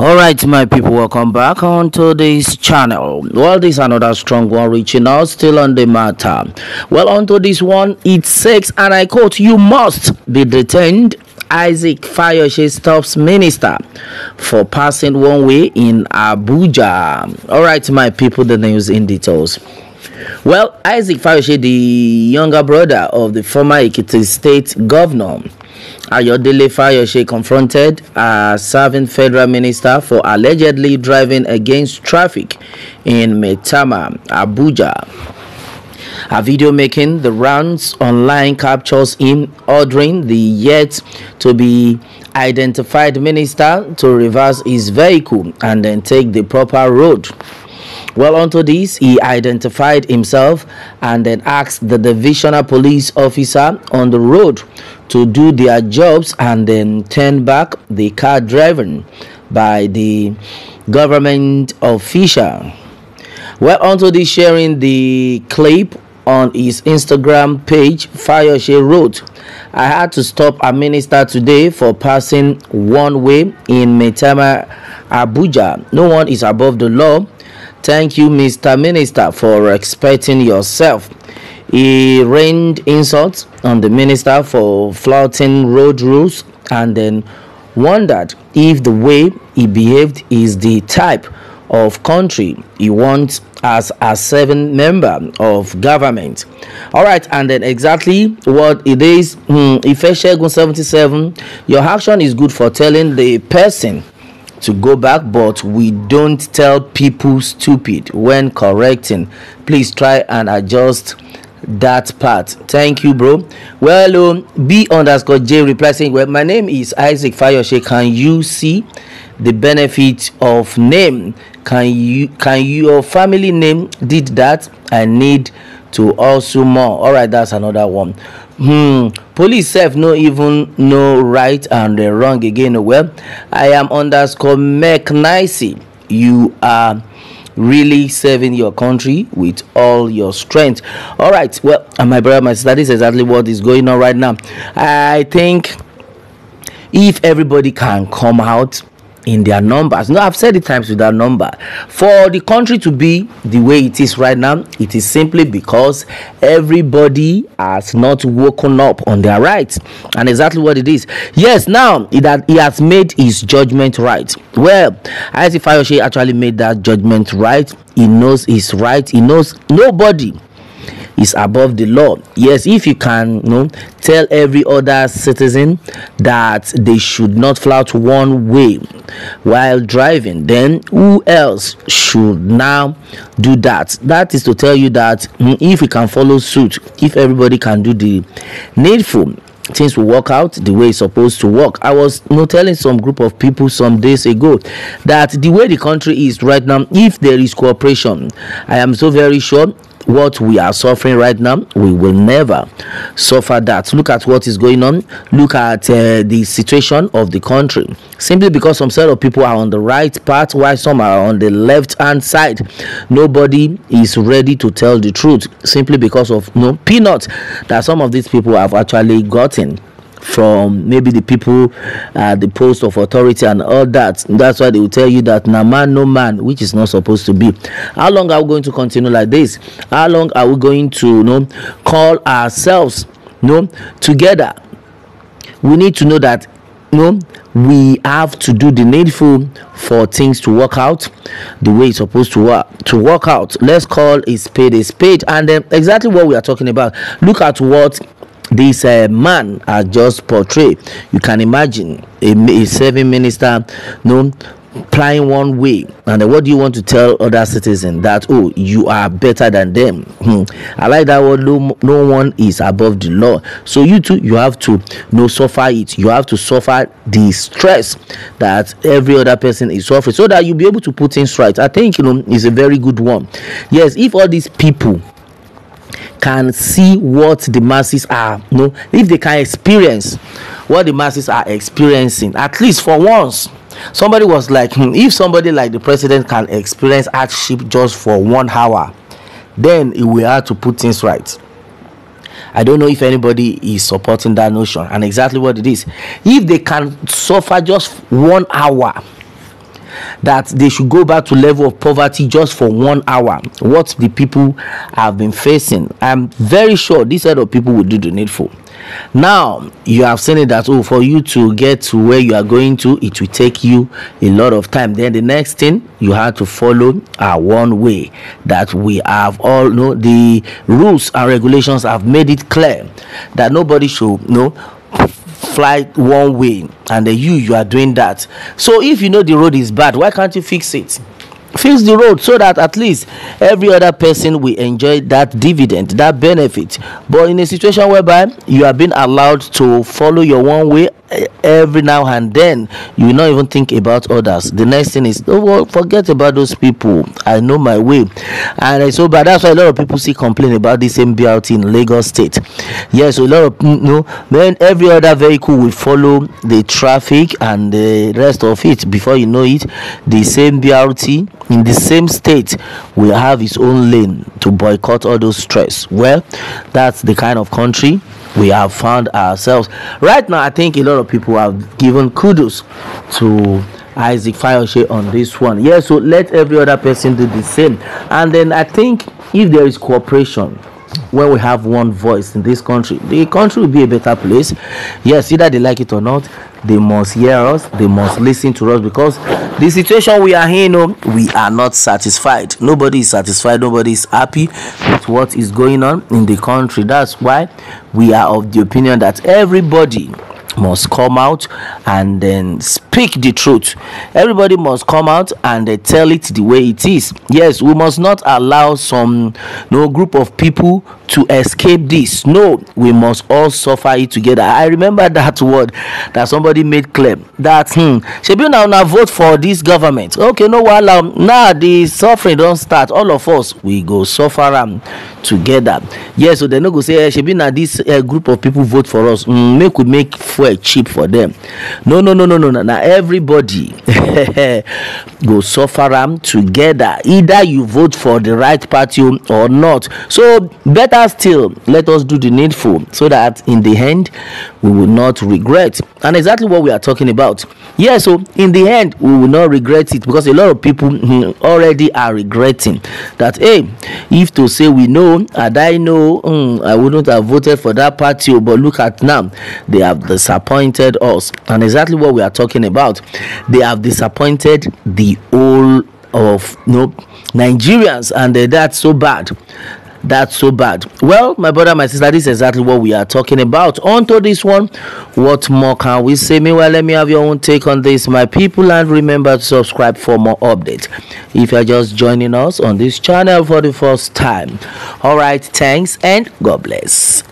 all right my people welcome back onto this channel well this another strong one reaching out still on the matter well onto this one it says and i quote you must be detained Isaac Fayoshe stops minister for passing one way in Abuja. All right, my people, the news in details. Well, Isaac Fayoshe, the younger brother of the former Ikiti state governor, Ayodele Fayose confronted a serving federal minister for allegedly driving against traffic in Metama, Abuja. A video making the rounds online captures him ordering the yet to be identified minister to reverse his vehicle and then take the proper road. Well, onto this, he identified himself and then asked the divisional police officer on the road to do their jobs and then turn back the car driven by the government official. Well, onto this, sharing the clip on his Instagram page, Fayoshe wrote, I had to stop a minister today for passing one way in Metama, Abuja. No one is above the law Thank you, Mr. Minister, for expecting yourself. He rained insults on the minister for flouting road rules and then wondered if the way he behaved is the type of country he wants as a seven member of government all right and then exactly what it is hmm, ife 77 your action is good for telling the person to go back, but we don't tell people stupid when correcting. Please try and adjust that part. Thank you, bro. Well, um, B underscore J reply saying, Well, my name is Isaac Fayoshe. Can you see the benefit of name? Can you can your family name did that? I need to also more. All right, that's another one hmm police sef no even know right and wrong again well i am underscore nicey you are really serving your country with all your strength all right well uh, my brother my sister this is exactly what is going on right now i think if everybody can come out in their numbers. No, I've said it times with that number. For the country to be the way it is right now, it is simply because everybody has not woken up on their rights, and exactly what it is. Yes, now that he has made his judgment right. Well, Isaac Fayoshe actually made that judgment right. He knows his right. He knows nobody is above the law. Yes, if you can you know, tell every other citizen that they should not flout one way while driving, then who else should now do that? That is to tell you that if we can follow suit, if everybody can do the needful, things will work out the way it's supposed to work. I was you know, telling some group of people some days ago that the way the country is right now, if there is cooperation, I am so very sure what we are suffering right now we will never suffer that look at what is going on look at uh, the situation of the country simply because some set of people are on the right path while some are on the left hand side nobody is ready to tell the truth simply because of you no know, peanuts that some of these people have actually gotten from maybe the people at the post of authority and all that. That's why they will tell you that no man, no man, which is not supposed to be. How long are we going to continue like this? How long are we going to you know, call ourselves you know, together? We need to know that you know, we have to do the needful for things to work out the way it's supposed to work to work out let's call a spade a spade and then um, exactly what we are talking about look at what this uh, man are just portrayed you can imagine a, a serving minister no plying one way and what do you want to tell other citizens that oh you are better than them hmm. i like that word no, no one is above the law so you too you have to no know, suffer it you have to suffer the stress that every other person is suffering so that you'll be able to put things right i think you know is a very good one yes if all these people can see what the masses are you know if they can experience what the masses are experiencing at least for once somebody was like hmm, if somebody like the president can experience hardship just for one hour then it will have to put things right i don't know if anybody is supporting that notion and exactly what it is if they can suffer just one hour that they should go back to level of poverty just for one hour what the people have been facing i'm very sure this set of people will do the needful now you have seen it that oh for you to get to where you are going to it will take you a lot of time then the next thing you have to follow are one way that we have all you know the rules and regulations have made it clear that nobody should you know fly one way and then you you are doing that so if you know the road is bad why can't you fix it fix the road so that at least every other person will enjoy that dividend that benefit but in a situation whereby you are being allowed to follow your one way eh, every now and then you will not even think about others the next thing is oh well, forget about those people i know my way and so but that's why a lot of people see complain about this same in lagos state yes yeah, so a lot of you know then every other vehicle will follow the traffic and the rest of it before you know it the same B R T in the same state will have its own lane to boycott all those stress. Well, that's the kind of country we have found ourselves. Right now, I think a lot of people have given kudos to Isaac Fayoshe on this one. Yeah, so let every other person do the same. And then I think if there is cooperation, when we have one voice in this country, the country will be a better place. Yes, either they like it or not, they must hear us, they must listen to us because the situation we are in, you oh, we are not satisfied. Nobody is satisfied, nobody is happy with what is going on in the country. That's why we are of the opinion that everybody must come out and then speak the truth. Everybody must come out and tell it the way it is. Yes, we must not allow some no group of people to escape this. No, we must all suffer it together. I remember that word that somebody made claim that hmm, Shebi now now vote for this government. Okay, no wahala. Um, now nah, the suffering don't start. All of us we go suffer um together. Yes, so they no go say eh, Shebi now this uh, group of people vote for us. Mm, make we make for cheap for them. No, no, no, no, no, no. Now everybody go suffer them together. Either you vote for the right party or not. So better still, let us do the needful so that in the end we will not regret. And exactly what we are talking about. Yeah, so in the end we will not regret it because a lot of people hmm, already are regretting that hey, if to say we know, had I know, mm, I wouldn't have voted for that party, oh, but look at now, they have the disappointed us. And exactly what we are talking about. They have disappointed the whole of you no know, Nigerians, and uh, that's so bad. That's so bad. Well, my brother, my sister, this is exactly what we are talking about. On to this one, what more can we say? Meanwhile, let me have your own take on this, my people, and remember to subscribe for more updates. If you're just joining us on this channel for the first time, all right, thanks and God bless.